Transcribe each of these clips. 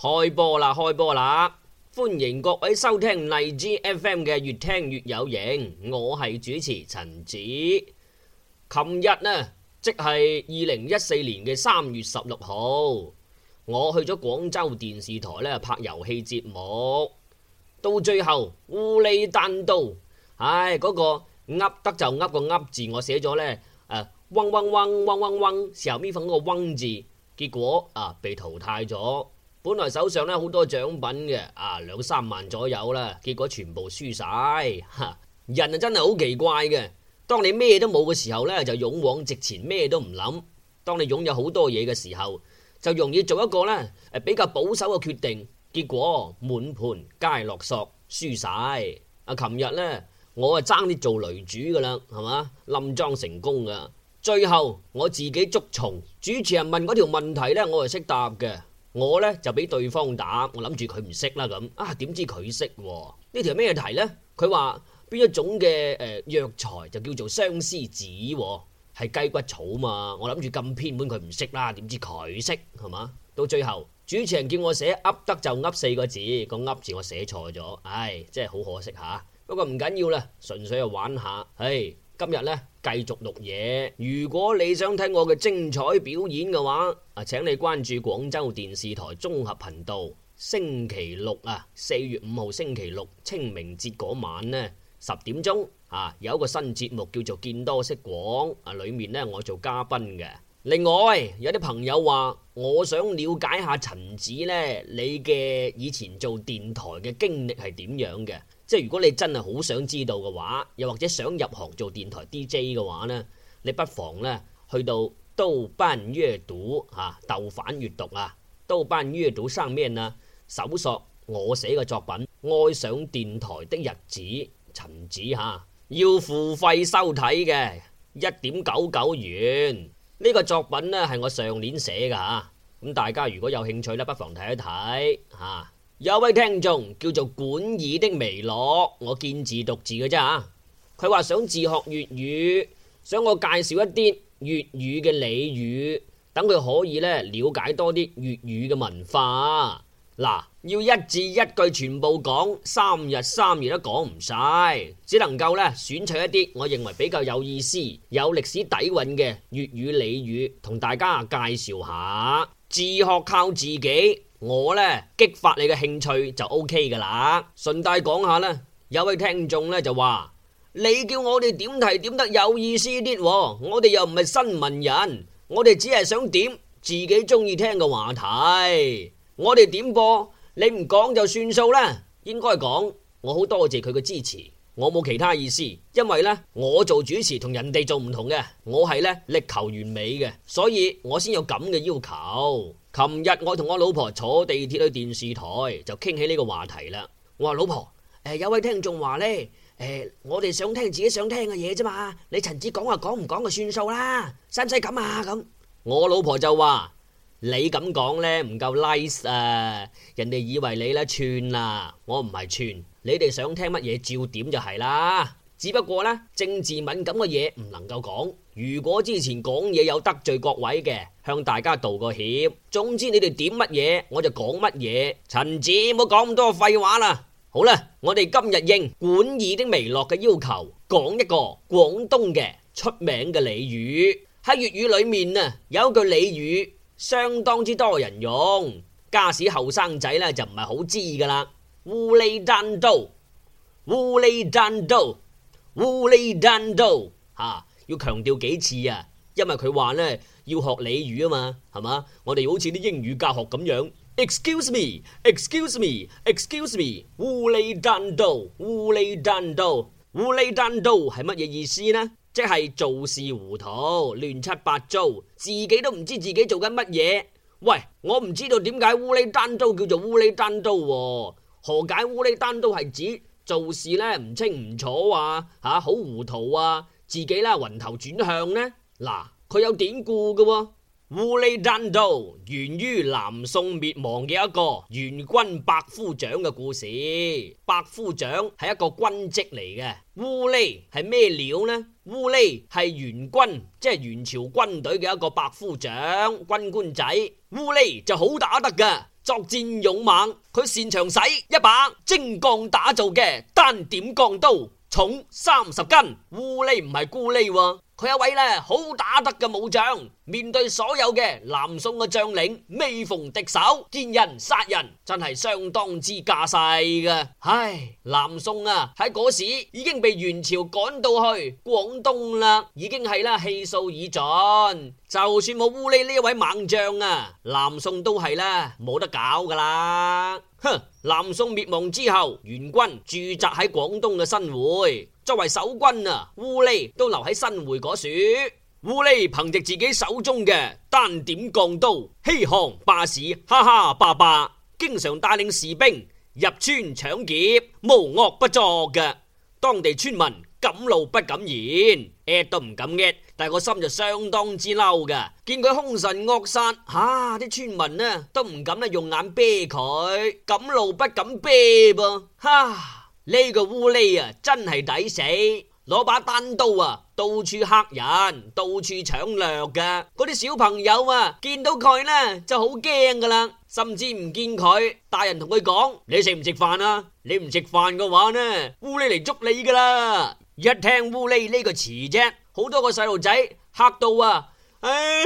開波啦！開波啦！歡迎各位收聽荔枝 F.M. 嘅越聽越有型。我係主持陳子。琴日呢，即係二零一四年嘅三月十六號，我去咗廣州電視台呢拍遊戲節目。到最後烏里單刀，唉，嗰個噏得就噏個噏字，我寫咗呢誒，嗡嗡嗡嗡嗡嗡小蜜蜂嗰個嗡字，結果啊被淘汰咗。本來手上咧好多獎品嘅啊，兩三萬左右啦，結果全部輸晒。人啊真係好奇怪嘅。當你咩都冇嘅時候呢，就勇往直前，咩都唔諗；當你擁有好多嘢嘅時候，就容易做一個呢比較保守嘅決定。結果滿盤皆落索，輸晒。啊，琴日呢，我啊爭啲做擂主噶啦，係嘛，冧莊成功噶，最後我自己捉蟲。主持人問嗰條問題呢，我係識答嘅。我呢，就俾對方打，我諗住佢唔識啦咁。啊，點知佢識喎？呢條咩題呢？佢話邊一種嘅誒藥材就叫做相思子？啊，係雞骨草嘛。我諗住咁偏門佢唔識啦，點知佢識係嘛？到最後主持人叫我寫噏得就噏四個字，個噏字我寫錯咗，唉、哎，真係好可惜嚇。啊、不過唔緊要啦，純粹又玩下。唉，今日呢。繼續錄嘢。如果你想聽我嘅精彩表演嘅話，啊，請你關注廣州電視台綜合頻道。星期六啊，四月五號星期六清明節嗰晚呢，十點鐘啊，有一個新節目叫做《見多識廣》，啊，裏面呢我做嘉賓嘅。另外有啲朋友話，我想了解下陳子呢，你嘅以前做電台嘅經歷係點樣嘅？即係如果你真係好想知道嘅話，又或者想入行做電台 DJ 嘅話呢，你不妨咧去到豆瓣閱讀嚇、啊、豆瓣閱讀啊，豆瓣閱讀上面啊，搜索我寫嘅作品《愛上電台的日子》，陳子嚇要付費收睇嘅，一點九九元。呢、這個作品呢，係我上年寫嘅嚇，咁、啊、大家如果有興趣咧，不妨睇一睇嚇。啊有位聽眾叫做莞耳的薇落，我見字讀字嘅啫。佢話想自學粵語，想我介紹一啲粵語嘅俚語，等佢可以咧了解多啲粵語嘅文化。嗱，要一字一句全部講，三日三夜都講唔晒，只能夠咧選取一啲我認為比較有意思、有歷史底蘊嘅粵語俚語，同大家介紹下。自學靠自己。我呢，激發你嘅興趣就 O K 噶啦。順帶講下啦，有位聽眾呢就話：你叫我哋點題點得有意思啲，哦，我哋又唔係新聞人，我哋只係想點自己中意聽嘅話題。我哋點播，你唔講就算數啦。應該講，我好多謝佢嘅支持，我冇其他意思。因為呢，我做主持同人哋做唔同嘅，我係呢，力求完美嘅，所以我先有咁嘅要求。琴日我同我老婆坐地鐵去電視台，就傾起呢個話題啦。我話老婆，誒、欸、有位聽眾話咧，誒、欸、我哋想聽自己想聽嘅嘢啫嘛，你陳子講話講唔講就算數啦，使唔使咁啊咁？我老婆就話你咁講咧唔夠 nice，、like、啊，人哋以為你咧串啦、啊，我唔係串，你哋想聽乜嘢照點就係啦，只不過咧政治敏感嘅嘢唔能夠講。如果之前講嘢有得罪各位嘅，向大家道個歉。總之你哋點乜嘢，我就講乜嘢。陳子唔好講咁多廢話啦。好啦，我哋今日應管爾的微樂莞耳的薇落嘅要求，講一個廣東嘅出名嘅俚語。喺粵語裏面啊，有一句俚語相當之多人用，家史後生仔咧就唔係好知噶啦。烏里單刀，烏里單刀，烏里單刀，吓。要強調幾次啊？因為佢話呢，要學俚語啊嘛，係嘛？我哋好似啲英語教學咁樣，excuse me，excuse me，excuse me，烏里單刀，烏里單刀，烏里單刀係乜嘢意思呢？即係做事糊塗、亂七八糟，自己都唔知自己做緊乜嘢。喂，我唔知道點解烏里單刀叫做烏里單刀喎？何解烏里單刀係指做事呢？唔清唔楚啊？嚇，好糊塗啊！自己啦，暈頭轉向呢？嗱，佢有典故嘅喎，哦。烏里單刀源於南宋滅亡嘅一個元軍百夫長嘅故事。百夫長係一個軍職嚟嘅。烏里係咩料呢？烏里係元軍，即係元朝軍隊嘅一個百夫長軍官仔。烏里就好打得㗎，作戰勇猛，佢擅長使一把精鋼打造嘅單點鋼刀。重三十斤，烏里唔係咕哩喎。佢一位咧，好打得嘅武將，面對所有嘅南宋嘅將領，未逢敵手，見人殺人，真係相當之架勢噶。唉，南宋啊喺嗰時已經被元朝趕到去廣東啦，已經係啦氣數已盡，就算冇烏里呢一位猛將啊，南宋都係啦冇得搞噶啦。哼，南宋滅亡之後，元軍駐紮喺廣東嘅新會。作為守軍啊，烏里都留喺新會嗰處。烏里憑借自己手中嘅單點鋼刀、欺行霸市、蝦蝦霸霸，經常帶領士兵入村搶劫，無惡不作嘅。當地村民敢怒不、啊、不敢言，噏都唔敢噏，但係個心就相當之嬲嘅。見佢凶神惡煞，吓、啊、啲村民呢都唔敢呢用眼啤佢，敢怒不敢啤噃，哈、啊。呢個烏里啊真係抵死，攞把單刀啊，到處嚇人，到處搶掠噶。嗰啲小朋友啊，見到佢呢就好驚噶啦，甚至唔見佢。大人同佢講：你食唔食飯啊？你唔食飯嘅話呢，烏里嚟捉你噶啦！一聽烏里呢個詞啫，好多個細路仔嚇到啊，唉、哎，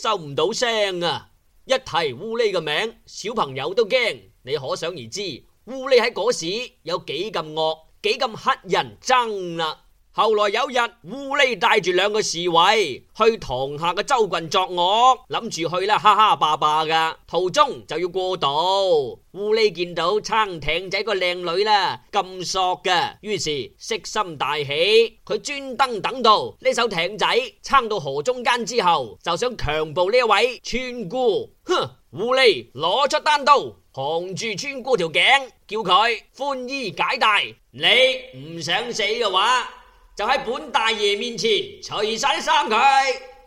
收唔到聲啊！一提烏里個名，小朋友都驚，你可想而知。烏里喺嗰時有幾咁惡，幾咁乞人憎啦、啊。後來有日，烏里帶住兩個侍衛去堂下嘅州郡作惡，諗住去啦，哈哈霸霸噶。途中就要過渡，烏里見到撐艇仔個靚女呢咁索噶，於是色心大起。佢專登等到呢艘艇仔撐到河中間之後，就想強暴呢一位村姑。哼，烏里攞出單刀。扛住村姑條頸，叫佢寬衣解帶。你唔想死嘅話，就喺本大爺面前除晒啲衫佢。哈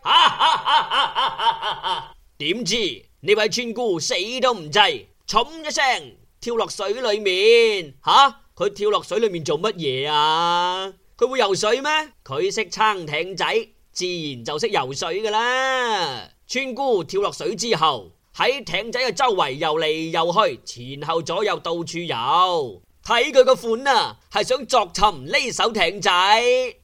哈哈哈哈哈哈，點知呢位村姑死都唔制，慘一聲跳落水裏面。吓、啊，佢跳落水裏面做乜嘢啊？佢會游水咩？佢識撐艇仔，自然就識游水噶啦。村姑跳落水之後。喺艇仔嘅周圍游嚟游去，前後左右到處游。睇佢個款啊，係想鑿沉呢艘艇仔。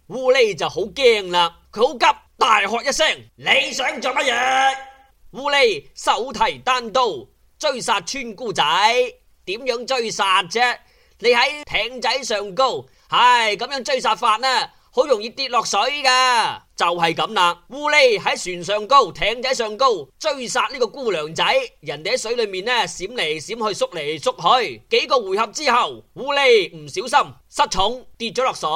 烏里就好驚啦，佢好急，大喝一聲：你想做乜嘢？烏里手提單刀追殺村姑仔，點樣追殺啫？你喺艇仔上高，唉，咁樣追殺法呢！」好容易跌落水噶，就係咁啦。烏里喺船上高，艇仔上高追殺呢個姑娘仔，人哋喺水裏面呢，閃嚟閃去，縮嚟縮去。幾個回合之後，烏里唔小心失重跌咗落水，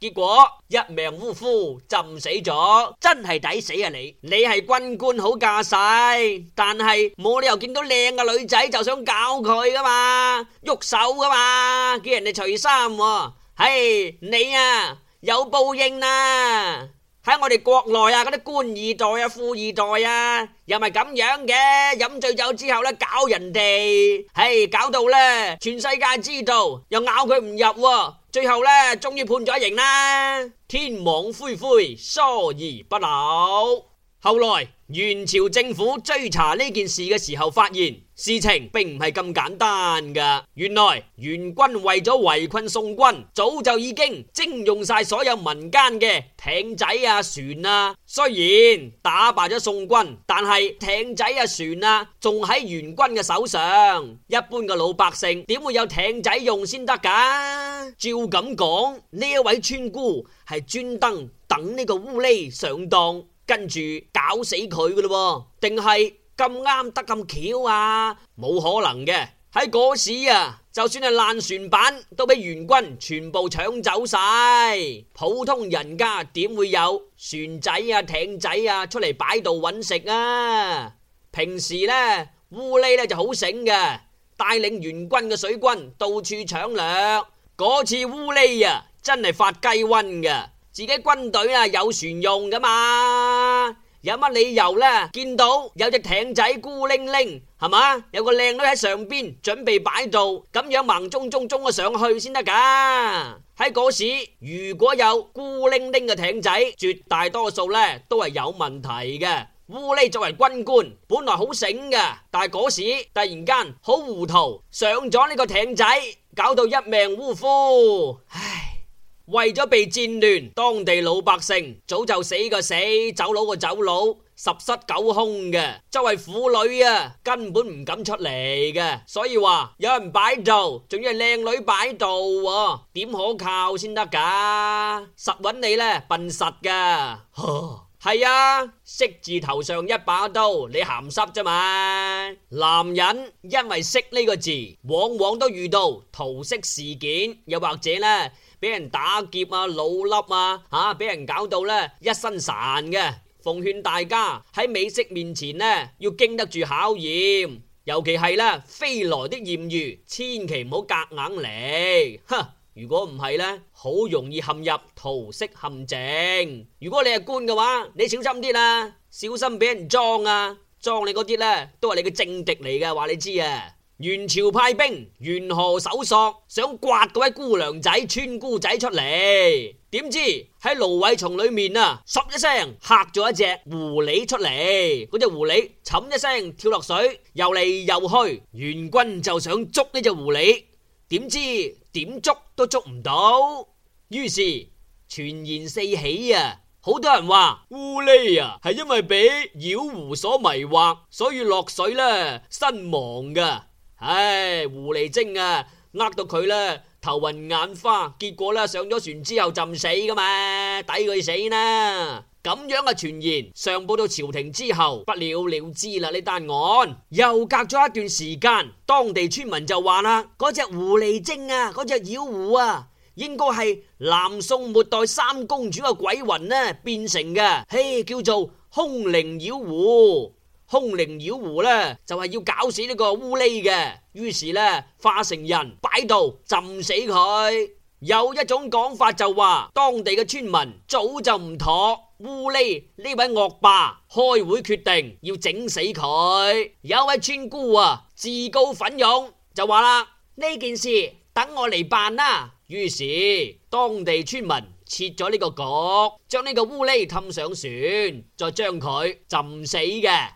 結果一命嗚呼，呼，浸死咗。真係抵死啊你！你你係軍官好架勢，但係冇理由見到靚嘅女仔就想搞佢噶嘛，喐手噶嘛，叫人哋除衫。嘿，你啊！有報應啦、啊！喺我哋國內啊，嗰啲官二代啊、富二代啊，又咪咁樣嘅，飲醉酒之後咧，搞人哋，係搞到咧，全世界知道，又咬佢唔入，啊，最後咧，終於判咗刑啦。天網恢恢，疏而不漏。後來元朝政府追查呢件事嘅時候，發現。事情並唔係咁簡單噶，原來元軍為咗圍困宋軍，早就已經徵用晒所有民間嘅艇仔啊、船啊。雖然打敗咗宋軍，但係艇仔啊、船啊，仲喺元軍嘅手上。一般嘅老百姓點會有艇仔用先得噶？照咁講，呢一位村姑係專登等呢個烏里上當，跟住搞死佢噶咯？定係？咁啱得咁巧啊！冇可能嘅，喺嗰時啊，就算係爛船板都俾元軍全部搶走晒。普通人家點會有船仔啊艇仔啊出嚟擺渡揾食啊？平時呢，烏里呢就好醒嘅，帶領元軍嘅水軍到處搶掠。嗰次烏里啊，真係發雞瘟噶，自己軍隊啊有船用噶嘛。有乜理由咧？見到有隻艇仔孤零零，係嘛？有個靚女喺上邊準備擺渡，咁樣盲中中中咗上去先得噶。喺嗰時，如果有孤零零嘅艇仔，絕大多數咧都係有問題嘅。烏里作為軍官，本來好醒嘅，但係嗰時突然間好糊塗，上咗呢個艇仔，搞到一命嗚呼。唉。為咗避戰亂，當地老百姓早就死個死，走佬個走佬，十室九空嘅。作為婦女啊，根本唔敢出嚟嘅。所以話有人擺渡，仲要係靚女擺渡，啊，點可靠先得噶？實揾你呢，笨實噶，係啊，色字頭上一把刀，你鹹濕啫嘛？男人因為色呢個字，往往都遇到桃色事件，又或者呢。俾人打劫啊，老笠啊，吓俾人搞到呢，一身散嘅。奉勸大家喺美色面前呢，要經得住考驗，尤其係呢，飛來的艷遇，千祈唔好夾硬嚟，哼！如果唔係呢，好容易陷入桃色陷阱。如果你係官嘅話，你小心啲啦，小心俾人裝啊，裝你嗰啲呢，都係你嘅政敵嚟嘅，話你知啊。元朝派兵沿河搜索，想刮嗰位姑娘仔，村姑仔出嚟。點知喺蘆葦叢裏面啊，嗦一聲嚇咗一隻狐狸出嚟。嗰隻狐狸沉一聲跳落水，游嚟游去，元軍就想捉呢隻狐狸，點知點捉都捉唔到。於是傳言四起啊，好多人話狐狸啊係因為被妖狐所迷惑，所以落水啦身亡噶。唉、哎，狐狸精啊，呃到佢啦，頭暈眼花，結果呢，上咗船之後浸死噶嘛，抵佢死啦！咁樣嘅傳言上報到朝廷之後，不了了之啦呢單案。又隔咗一段時間，當地村民就話啦，嗰隻狐狸精啊，嗰隻妖狐啊，應該係南宋末代三公主嘅鬼魂呢、啊，變成嘅，嘿，叫做空靈妖狐。空靈妖狐呢，就係、是、要搞死呢個烏里嘅，於是呢，化成人擺度浸死佢。有一種講法就話、是、當地嘅村民早就唔妥烏里呢位惡霸，開會決定要整死佢。有一位村姑啊，自告奮勇就話啦，呢件事等我嚟辦啦。於是當地村民設咗呢個局，將呢個烏里氹上船，再將佢浸死嘅。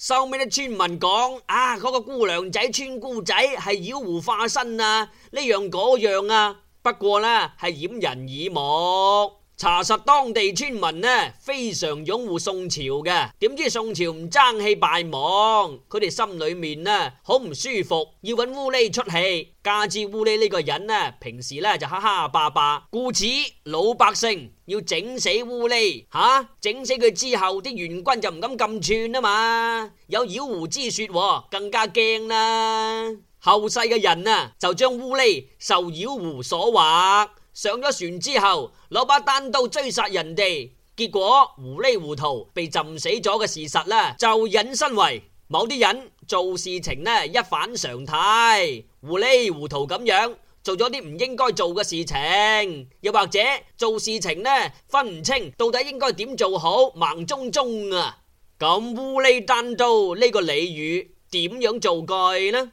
收尾啲村民講，啊，嗰個姑娘仔、村姑仔係妖狐化身啊，呢樣嗰樣啊，不過啦，係掩人耳目。查實當地村民呢非常擁護宋朝嘅，點知宋朝唔爭氣敗亡，佢哋心裏面呢好唔舒服，要搵烏里出氣。加之烏里呢個人呢平時呢就哈哈霸霸，故此老百姓要整死烏里吓，整、啊、死佢之後啲元軍就唔敢咁串啊嘛。有妖狐之說，更加驚啦。後世嘅人啊，就將烏里受妖狐所惑。上咗船之後攞把單刀追殺人哋，結果糊里糊塗被浸死咗嘅事實咧，就引申為某啲人做事情呢，一反常態，糊里糊塗咁樣做咗啲唔應該做嘅事情，又或者做事情呢，分唔清到底應該點做好，盲中中啊。咁烏里單刀呢個俚語點樣造句呢？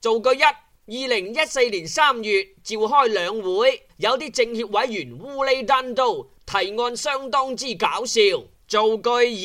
造句一二零一四年三月召開兩會。有啲政協委員烏里單刀提案，相當之搞笑。造句二，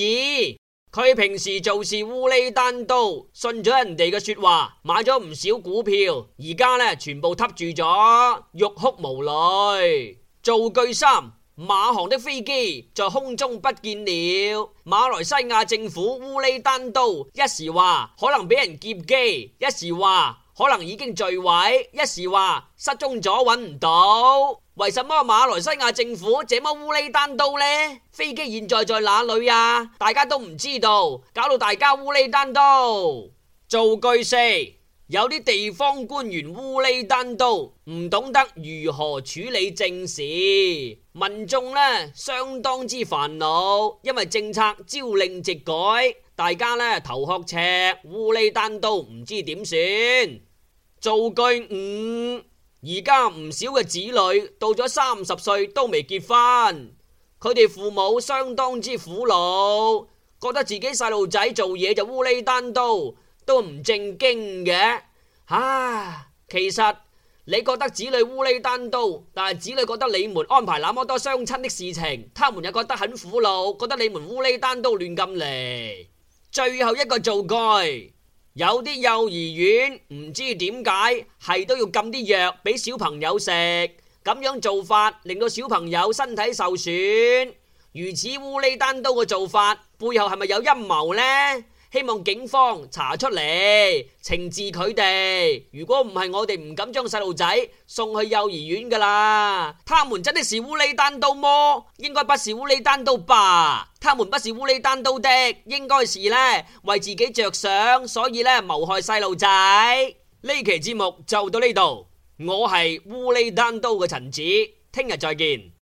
佢平時做事烏里單刀，信咗人哋嘅說話，買咗唔少股票，而家呢，全部冧住咗，欲哭無淚。造句三，馬航的飛機在空中不見了，馬來西亞政府烏里單刀，一時話可能俾人劫機，一時話。可能已經墜毀，一時話失蹤咗，搵唔到。為什麼馬來西亞政府這麼烏里單刀呢？飛機現在在哪裏啊？大家都唔知道，搞到大家烏里單刀。造句四，有啲地方官員烏里單刀，唔懂得如何處理政事，民眾呢，相當之煩惱，因為政策朝令夕改，大家呢，頭殼赤，烏里單刀，唔知點算。造句五，而家唔少嘅子女到咗三十歲都未結婚，佢哋父母相當之苦惱，覺得自己細路仔做嘢就烏里單刀，都唔正經嘅。吓、啊，其實你覺得子女烏里單刀，但係子女覺得你們安排那麼多相親的事情，他們又覺得很苦惱，覺得你們烏里單刀亂咁嚟。最後一個造句。有啲幼兒園唔知點解，係都要撳啲藥俾小朋友食，咁樣做法令到小朋友身體受損，如此烏里單刀嘅做法背後係咪有陰謀呢？希望警方查出嚟，懲治佢哋。如果唔係，我哋唔敢將細路仔送去幼兒園噶啦。他們真的是烏里單刀麼？應該不是烏里單刀吧？他們不是烏里單刀的，應該是咧為自己着想，所以咧謀害細路仔。呢期節目就到呢度，我係烏里單刀嘅陳子，聽日再見。